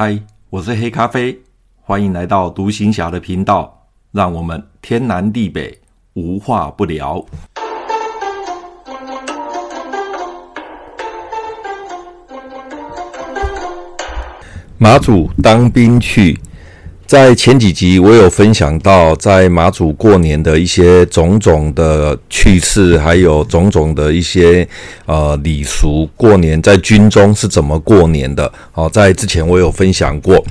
嗨，Hi, 我是黑咖啡，歡迎來到讀行俠的頻道，讓我們天南地北無話不聊。馬祖當兵趣。在前幾集我有分享到，在馬祖過年的一些種種的趣事，還有種種的一些呃禮俗。過年在軍中是怎麼過年的？哦，在之前我有分享過。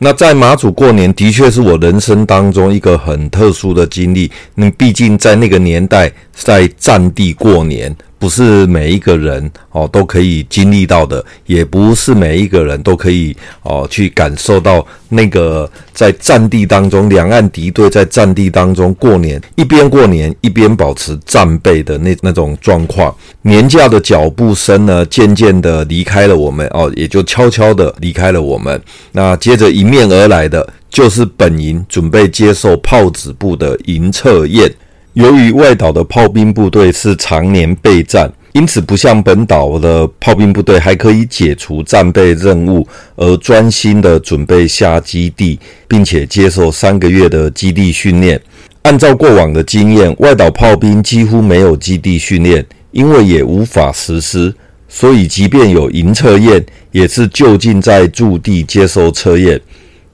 那在馬祖過年，的確是我人生當中一個很特殊的經歷。你畢竟在那個年代，在戰地過年。不是每一個人哦都可以經歷到的，也不是每一個人都可以哦去感受到那個在戰地當中，兩岸敵對在戰地當中過年，一邊過年一邊保持戰備的那那種狀況。年假的腳步聲呢，漸漸的離開了我們哦，也就悄悄的離開了我們。那接着迎面而來的，就是本營準備接受砲指部的營測驗。由於外島的炮兵部隊是長年備戰，因此不像本島的炮兵部隊還可以解除戰備任務，而專心的準備下基地，並且接受三個月的基地訓練。按照過往的經驗，外島炮兵幾乎沒有基地訓練，因為也無法實施，所以即便有營測驗，也是就近在駐地接受測驗。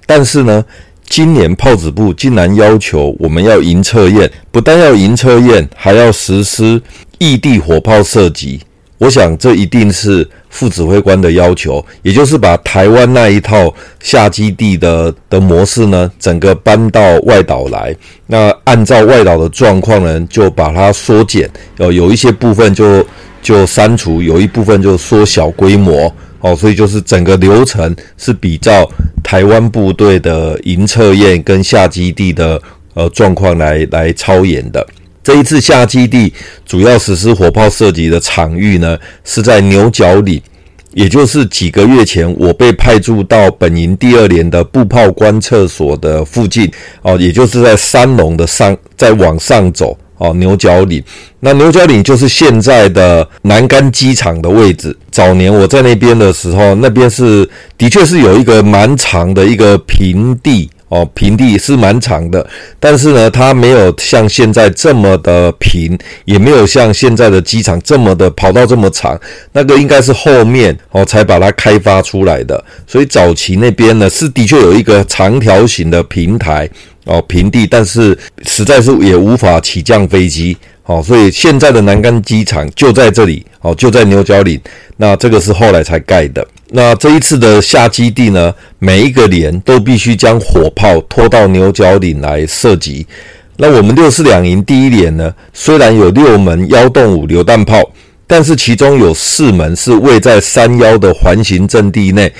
但是呢，今年砲指部竟然要求我們要營測驗，不但要營測驗，還要實施異地火炮射擊。我想這一定是副指揮官的要求，也就是把台灣那一套下基地的的模式呢，整個搬到外島來。那按照外島的狀況呢，就把它縮減，有一些部分就就刪除，有一部分就縮小規模，哦，所以就是整個流程是比較，台灣部隊的營測驗跟下基地的呃狀況來來操演的。這一次下基地主要實施火炮射擊的場域呢，是在牛角嶺，也就是幾個月前我被派駐到本營第二連的步炮觀測所的附近哦，也就是在山隴的上再往上走。哦，牛角嶺，那牛角嶺就是現在的南竿機場的位置。早年我在那邊的時候，那邊是的確是有一個蠻長的一個平地，哦，平地是蠻長的，但是呢，它沒有像現在這麼的平，也沒有像現在的機場這麼的跑道這麼長。那個應該是後面哦才把它開發出來的，所以早期那邊呢是的確有一個長條形的平台。哦，平地，但是實在是也無法起降飛機。哦。所以現在的南竿機場就在這裡，哦，就在牛角嶺。那這個是後來才蓋的。那這一次的下基地呢，每一個連都必須將火炮拖到牛角嶺來射擊。那我們六四兩營第一連呢，雖然有六門幺洞五榴彈炮，但是其中有四門是位在山腰的環形陣地內。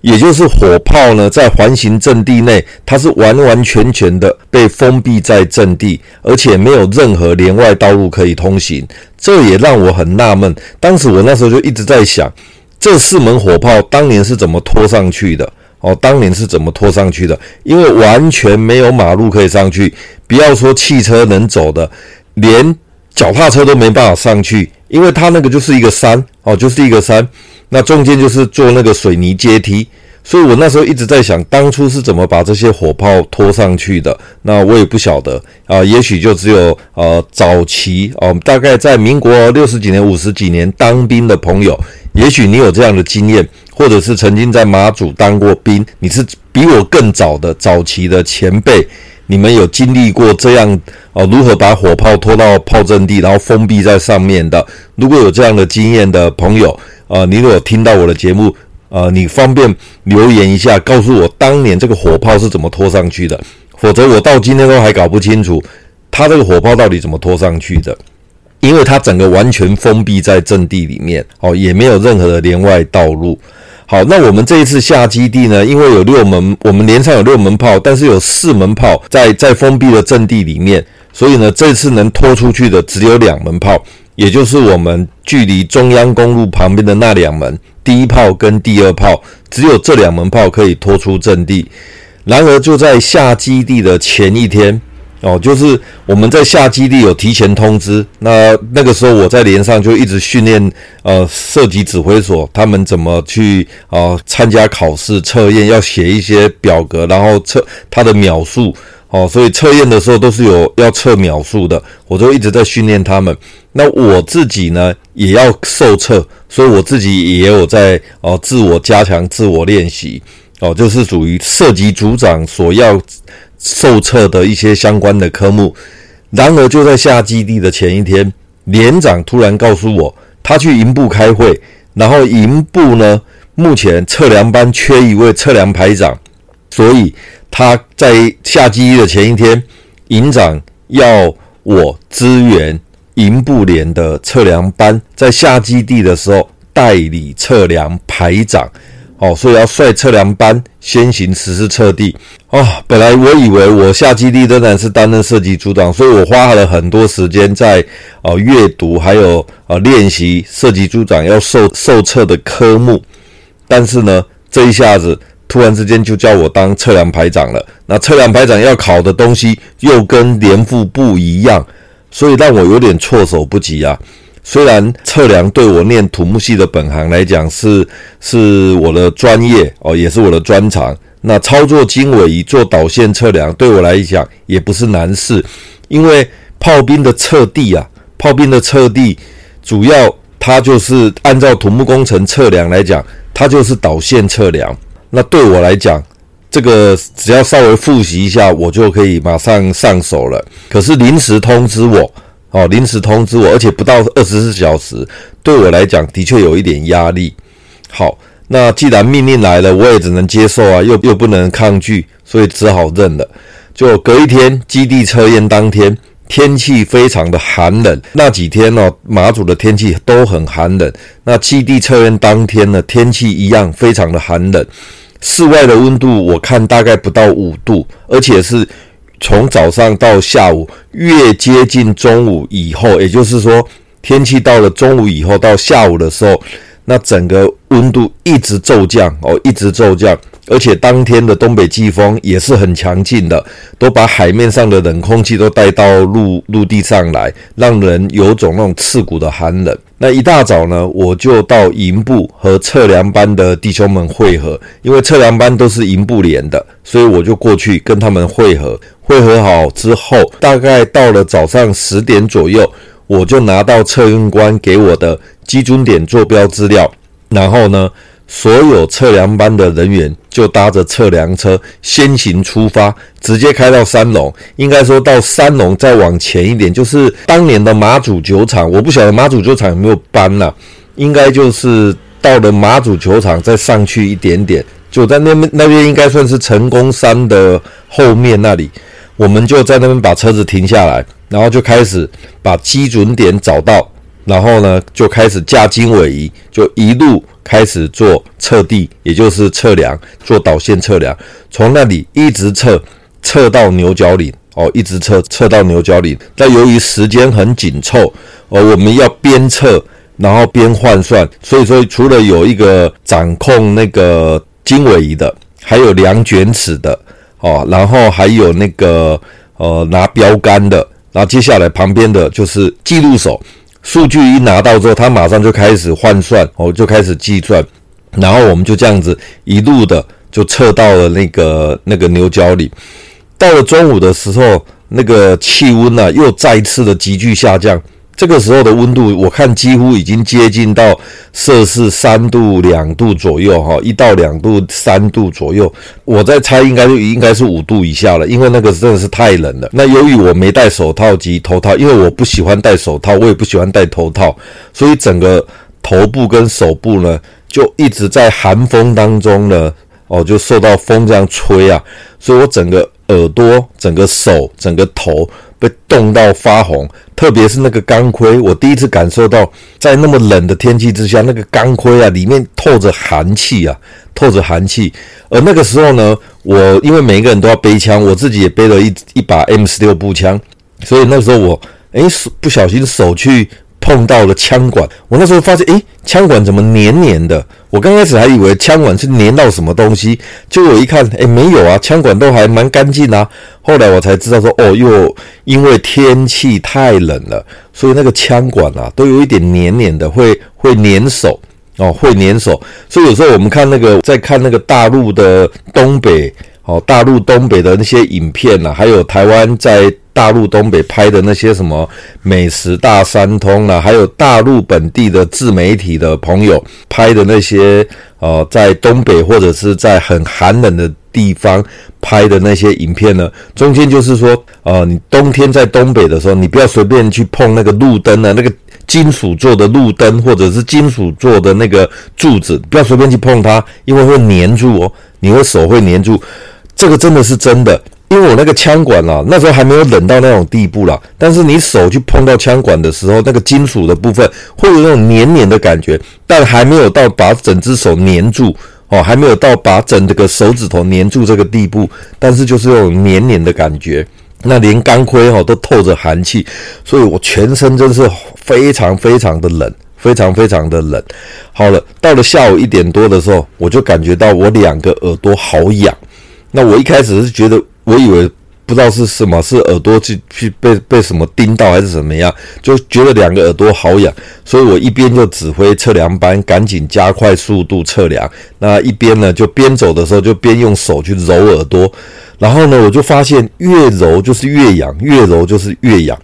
也就是火炮呢，在環形陣地內，它是完完全全的被封閉在陣地，而且沒有任何連外道路可以通行。這也讓我很納悶。當時我那時候就一直在想，這四門火炮當年是怎麼拖上去的？哦，當年是怎麼拖上去的？因為完全沒有馬路可以上去，不要說汽車能走的，連腳踏車都沒辦法上去。因為它那個就是一個山哦，就是一個山，那中間就是做那個水泥階梯，所以我那時候一直在想，當初是怎麼把這些火炮拖上去的？那我也不曉得啊、呃，也許就只有呃早期哦、呃，大概在民國哦、六十幾年、五十幾年當兵的朋友，也許你有這樣的經驗，或者是曾經在馬祖當過兵，你是比我更早的早期的前輩。你們有經歷過這樣哦，呃，如何把火炮拖到炮陣地，然後封閉在上面的？如果有這樣的經驗的朋友，呃，你如果聽到我的節目，呃，你方便留言一下，告訴我當年這個火炮是怎麼拖上去的？否則我到今天都還搞不清楚，它這個火炮到底怎麼拖上去的？因為它整個完全封閉在陣地裡面，哦，也沒有任何的連外道路。好，那我們這一次下基地呢，因為有六門，我們連上有六門炮，但是有四門炮在在封閉的陣地裡面，所以呢，這次能拖出去的只有兩門炮，也就是我們距離中央公路旁邊的那兩門，第一炮跟第二炮，只有這兩門炮可以拖出陣地。然而，就在下基地的前一天。哦，就是我們在下基地有提前通知，那那個時候我在連上就一直訓練，呃，射擊指揮所他們怎麼去啊參、呃、加考試測驗，要寫一些表格，然後測他的秒數，哦，所以測驗的時候都是有要測秒數的，我就一直在訓練他們。那我自己呢，也要受測，所以我自己也有在哦、呃、自我加強、自我練習，哦，就是屬於射擊組長所要受測的一些相關的科目，然而就在下基地的前一天，連長突然告訴我，他去營部開會，然後營部呢，目前測量班缺一位測量排長，所以他在下基地的前一天，營長要我支援營部連的測量班，在下基地的時候代理測量排長。哦，所以要率測量班先行實施測地。哦，本來我以為我下基地仍然是擔任設計組長，所以我花了很多時間在啊呃閱讀，還有呃練習設計組長要受受測的科目。但是呢，這一下子突然之間就叫我當測量排長了。那測量排長要考的東西又跟連副不一樣，所以讓我有點措手不及啊。雖然測量對我念土木系的本行來講是是我的專業哦，也是我的專長。那操作經緯儀做導線測量對我來講也不是難事，因為炮兵的測地啊，炮兵的測地主要它就是按照土木工程測量來講，它就是導線測量。那對我來講，這個只要稍微復習一下，我就可以馬上上手了。可是臨時通知我，哦，臨時通知我，而且不到二十四小時，對我來講的確有一點壓力。好，那既然命令來了，我也只能接受啊，又又不能抗拒，所以只好認了。就隔一天，基地測驗當天，天氣非常的寒冷。那幾天呢、哦，馬祖的天氣都很寒冷。那基地測驗當天呢，天氣一樣非常的寒冷，室外的溫度我看大概不到五度，而且是，從早上到下午，越接近中午以後，也就是說，天氣到了中午以後到下午的時候，那整個溫度一直驟降哦，一直驟降，而且當天的東北季風也是很強勁的，都把海面上的冷空氣都帶到陸陸地上來，讓人有種那種刺骨的寒冷。那一大早呢，我就到營部和測量班的弟兄們會合，因為測量班都是營部連的，所以我就過去跟他們會合。會合好之後，大概到了早上十點左右，我就拿到測運官給我的基準點坐標資料，然後呢。所有測量班的人員就搭着測量車先行出發，直接開到三龍。應該說到三龍，再往前一點，就是當年的馬祖酒廠。我不曉得馬祖酒廠有沒有搬了啊，應該就是到了馬祖球場再上去一點點，就在那邊，那邊應該算是成功山的後面那裡。我們就在那邊把車子停下來，然後就開始把基準點找到，然後呢，就開始架經緯儀，就一路。開始做測地，也就是測量，做導線測量，從那裡一直測測到牛角嶺哦，一直測測到牛角嶺。但由於時間很緊湊呃，我們要邊測然後邊換算，所以說除了有一個掌控那個經緯儀的，還有量卷尺的哦，然後還有那個呃拿標杆的，然後接下來旁邊的就是記錄手。數據一拿到之後，他馬上就開始換算，哦，就開始計算，然後我們就這樣子一路的就測到了那個那個牛角里，到了中午的時候，那個氣溫呢又再一次的急劇下降。這個時候的溫度，我看幾乎已經接近到攝氏三度、兩度左右，哈，一到兩度、三度左右。我在猜，應該就應該是五度以下了，因為那個真的是太冷了。那由於我沒戴手套及頭套，因為我不喜歡戴手套，我也不喜歡戴頭套，所以整個頭部跟手部呢，就一直在寒風當中呢，哦，就受到風這樣吹啊，所以我整個耳朵、整個手、整個頭。被凍到發紅，特別是那個鋼盔，我第一次感受到在那麼冷的天氣之下，那個鋼盔啊，裡面透着寒氣啊，透着寒氣。而那個時候呢，我因為每一個人都要背槍，我自己也背了一一把 M16 步槍，所以那個時候我哎手，欸，不小心手去。碰到了槍管，我那時候發現，誒，槍管怎麼黏黏的？我剛開始還以為槍管是黏到什麼東西，結果一看，誒，沒有啊，槍管都還蠻乾淨啊。後來我才知道說，哦喲，又因為天氣太冷了，所以那個槍管啊，都有一點黏黏的，會會黏手哦，會黏手。所以有時候我們看那個，在看那個大陸的東北哦，大陸東北的那些影片吶，還有台灣在。大陸東北拍的那些什麼美食大三通啊，還有大陸本地的自媒體的朋友拍的那些呃，在東北或者是在很寒冷的地方拍的那些影片呢，中間就是說，呃，你冬天在東北的時候，你不要隨便去碰那個路燈啊，那個金屬做的路燈或者是金屬做的那個柱子，不要隨便去碰它，因為會粘住哦，你的手會粘住，這個真的是真的。因為我那個槍管啦、啊，那時候還沒有冷到那種地步啦。但是你手去碰到槍管的時候，那個金屬的部分會有那種黏黏的感覺，但還沒有到把整隻手黏住哦，還沒有到把整個手指頭黏住這個地步，但是就是那種黏黏的感覺。那連鋼盔哈都透着寒氣，所以我全身真是非常非常的冷，非常非常的冷。好了，到了下午一點多的時候，我就感覺到我兩個耳朵好癢。那我一開始是覺得。我以為不知道是什麼，是耳朵去去被被什麼叮到還是怎麼樣，就覺得兩個耳朵好癢，所以我一邊就指揮測量班趕緊加快速度測量，那一邊呢就邊走的時候就邊用手去揉耳朵，然後呢我就發現越揉就是越癢，越揉就是越癢，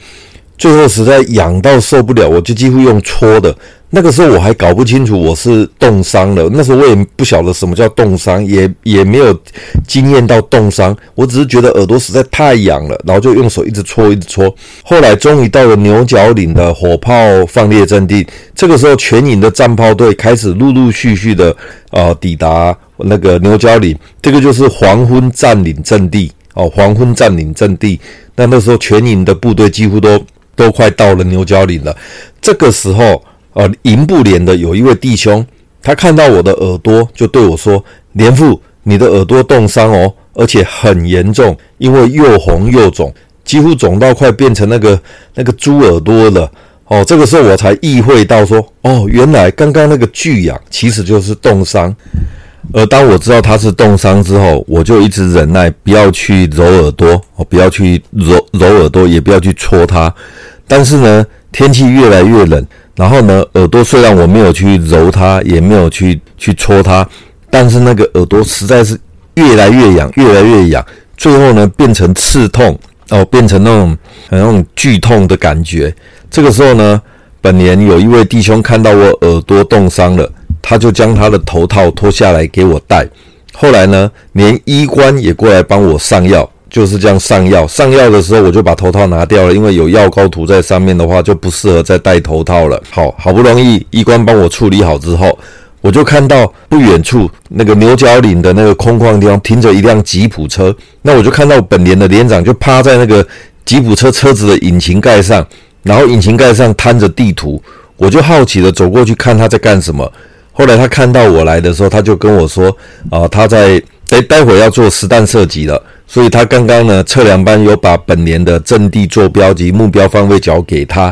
最後實在癢到受不了，我就幾乎用搓的。那個時候我還搞不清楚我是凍傷了，那時候我也不曉得什麼叫凍傷，也也沒有經驗到凍傷，我只是覺得耳朵實在太癢了，然後就用手一直搓，一直搓。後來終於到了牛角嶺的火炮放列陣地，這個時候全營的戰炮隊開始陸陸續續的呃抵達那個牛角嶺，這個就是黃昏佔領陣地哦，呃，黃昏佔領陣地。那那時候全營的部隊幾乎都都快到了牛角嶺了，這個時候。哦，營部連的有一位弟兄，他看到我的耳朵，就對我說：“連副，你的耳朵凍傷哦，而且很嚴重，因為又紅又腫，幾乎腫到快變成那個那個豬耳朵了。”哦，這個時候我才意會到說：“哦，原來剛剛那個劇癢其實就是凍傷。”而當我知道他是凍傷之後，我就一直忍耐，不要去揉耳朵，哦，不要去揉揉耳朵，也不要去搓它。但是呢，天氣越來越冷，然後呢，耳朵雖然我沒有去揉它，也沒有去去搓它，但是那個耳朵實在是越來越癢，越來越癢，最後呢，變成刺痛，哦，變成那種很那種劇痛的感覺。這個時候呢，本年有一位弟兄看到我耳朵凍傷了，他就將他的頭套脫下來給我戴，後來呢，連醫官也過來幫我上藥。就是這樣上藥，上藥的時候我就把頭套拿掉了，因為有藥膏塗在上面的話就不適合再戴頭套了。好好不容易，醫官幫我處理好之後，我就看到不遠處那個牛角嶺的那個空曠地方停着一輛吉普車，那我就看到本連的連長就趴在那個吉普車車子的引擎蓋上，然後引擎蓋上攤着地圖，我就好奇的走過去看他在幹什麼。後來他看到我來的時候，他就跟我說：“啊、呃，他在誒、欸，待會要做實彈射擊了。”所以他剛剛呢，測量班有把本連的陣地坐標及目標方位角給他，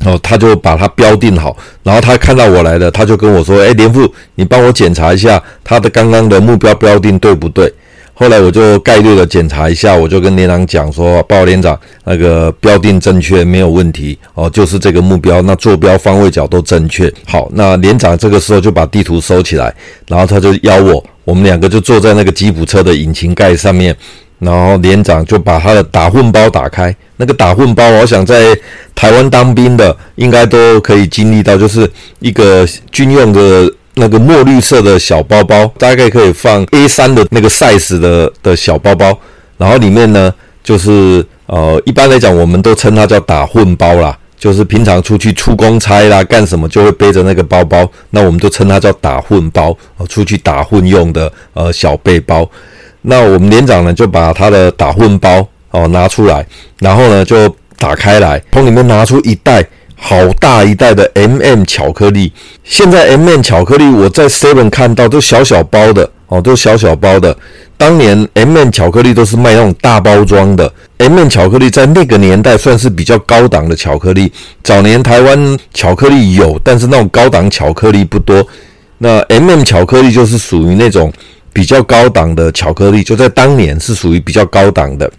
然後，哦，他就把它標定好。然後他看到我來了，他就跟我說：“哎、欸，連副，你幫我檢查一下他的剛剛的目標標定對不對？”後來我就概率的檢查一下，我就跟連長講說：“報告連長，那個標定正確，沒有問題哦，就是這個目標，那坐標方位角都正確。”好，那連長這個時候就把地圖收起來，然後他就邀我，我們兩個就坐在那個吉普車的引擎蓋上面。然後連長就把他的打混包打開，那個打混包，我想在台灣當兵的應該都可以經歷到，就是一個軍用的那個墨綠色的小包包，大概可以放 A 三的那個 size 的的小包包。然後裡面呢，就是呃，一般來講，我們都稱它叫打混包啦，就是平常出去出公差啦、幹什麼，就會背着那個包包，那我們就稱它叫打混包，出去打混用的呃小背包。那我們連長呢，就把他的打混包哦拿出來，然後呢就打開來，從裡面拿出一袋好大一袋的 M&M 巧克力。現在 M&M 巧克力我在 Seven 看到都小小包的哦，都小小包的。當年 M&M 巧克力都是賣那種大包裝的。M&M 巧克力在那個年代算是比較高檔的巧克力。早年台灣巧克力有，但是那種高檔巧克力不多。那 M&M 巧克力就是屬於那種。比較高檔的巧克力，就在當年是屬於比較高檔的。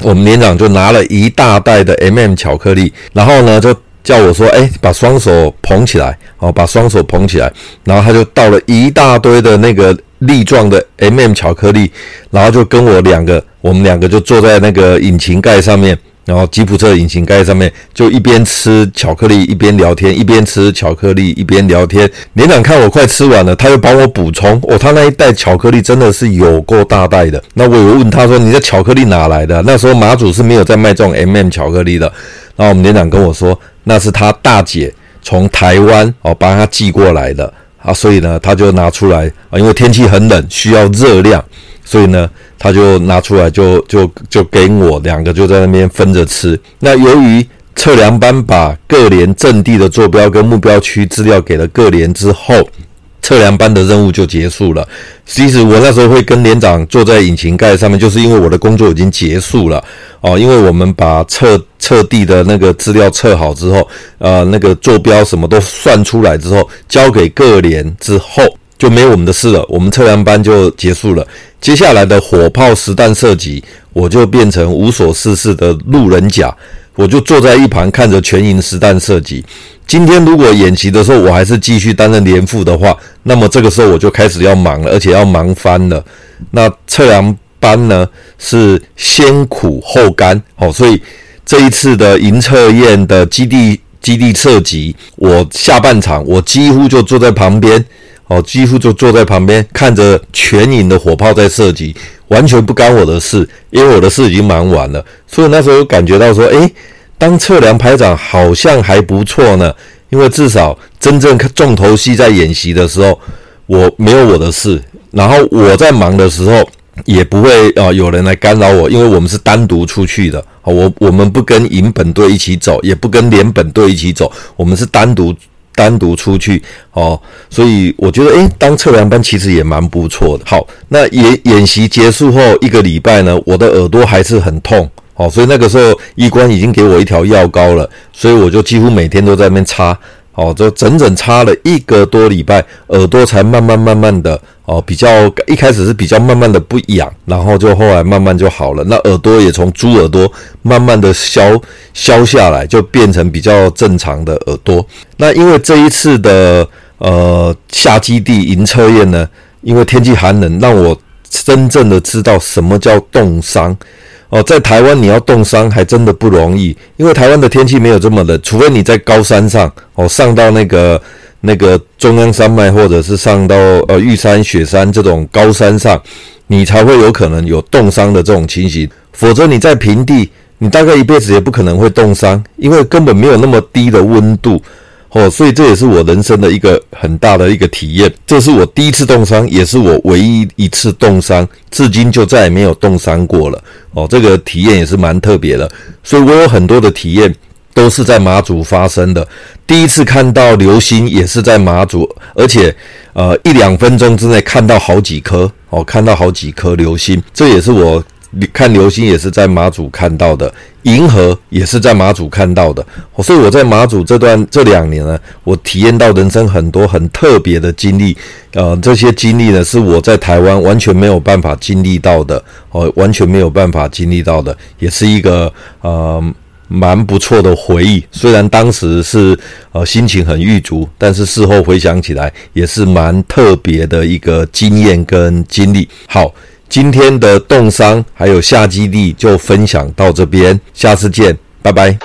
我們連長就拿了一大袋的 MM 巧克力，然後呢就叫我說：“哎，把雙手捧起來，哦，把雙手捧起來。”然後他就倒了一大堆的那個粒狀的 MM 巧克力，然後就跟我兩個，我們兩個就坐在那個引擎蓋上面。然後吉普車引擎蓋上面就一邊吃巧克力一邊聊天，一邊吃巧克力一邊聊天。連長看我快吃完了，他又幫我補充。哦，他那一袋巧克力真的是有夠大袋的。那我有問他說：“你這巧克力哪來的？”那時候馬祖是沒有在賣這種 MM 巧克力的。然後我們連長跟我說：“那是他大姐從台灣哦，把他寄過來的啊。”所以呢，他就拿出來啊，因為天氣很冷，需要熱量。所以呢，他就拿出來就，就就就給我兩個，就在那邊分着吃。那由於測量班把各連陣地的坐標跟目標區資料給了各連之後，測量班的任務就結束了。其實我那時候會跟連長坐在引擎蓋上面，就是因為我的工作已經結束了哦。因為我們把測測地的那個資料測好之後，呃，那個坐標什麼都算出來之後，交給各連之後，就沒有我們的事了。我們測量班就結束了。接下來的火炮實彈射擊，我就變成無所事事的路人甲，我就坐在一旁看着全營實彈射擊。今天如果演習的時候我還是繼續擔任連副的話，那麼這個時候我就開始要忙了，而且要忙翻了。那測量班呢，是先苦後甘哦，所以這一次的營測驗的基地基地射擊，我下半場我幾乎就坐在旁邊。哦，幾乎就坐在旁邊看着全營的火炮在射擊，完全不干我的事，因為我的事已經忙完了。所以那時候感覺到說，誒、欸，當測量排長好像還不錯呢，因為至少真正重頭戲在演習的時候，我沒有我的事。然後我在忙的時候，也不會啊有人來干擾我，因為我們是單獨出去的。好、哦，我我們不跟營本隊一起走，也不跟連本隊一起走，我們是單獨。單獨出去哦，所以我覺得，哎，當測量班其實也蠻不錯的。好，那演演習結束後一個禮拜呢，我的耳朵還是很痛哦，所以那個時候醫官已經給我一條藥膏了，所以我就幾乎每天都在那邊擦。哦，就整整差了一個多禮拜，耳朵才慢慢慢慢的哦，比較一開始是比較慢慢的不癢，然後就後來慢慢就好了。那耳朵也從豬耳朵慢慢的消消下來，就變成比較正常的耳朵。那因為這一次的呃下基地營測驗呢，因為天氣寒冷，讓我真正的知道什麼叫凍傷。哦，在台灣你要凍傷還真的不容易，因為台灣的天氣沒有這麼冷，除非你在高山上，哦，上到那個那個中央山脈，或者是上到呃玉山、雪山這種高山上，你才會有可能有凍傷的這種情形。否則你在平地，你大概一輩子也不可能會凍傷，因為根本沒有那麼低的溫度。哦，所以這也是我人生的一個很大的一個體驗，這是我第一次凍傷，也是我唯一一次凍傷，至今就再也沒有凍傷過了。哦，這個體驗也是蠻特別的，所以我有很多的體驗都是在馬祖發生的。第一次看到流星也是在馬祖，而且呃一兩分鐘之內看到好幾顆哦，看到好幾顆流星，這也是我。看流星也是在馬祖看到的，銀河也是在馬祖看到的，所以我在馬祖這段這兩年呢，我體驗到人生很多很特別的經歷，呃，這些經歷呢是我在台灣完全沒有辦法經歷到的，哦，完全沒有辦法經歷到的，也是一個呃蠻不錯的回憶。雖然當時是呃心情很鬱卒，但是事後回想起來也是蠻特別的一個經驗跟經歷。好。今天的凍傷還有下基地就分享到這邊，下次見，拜拜。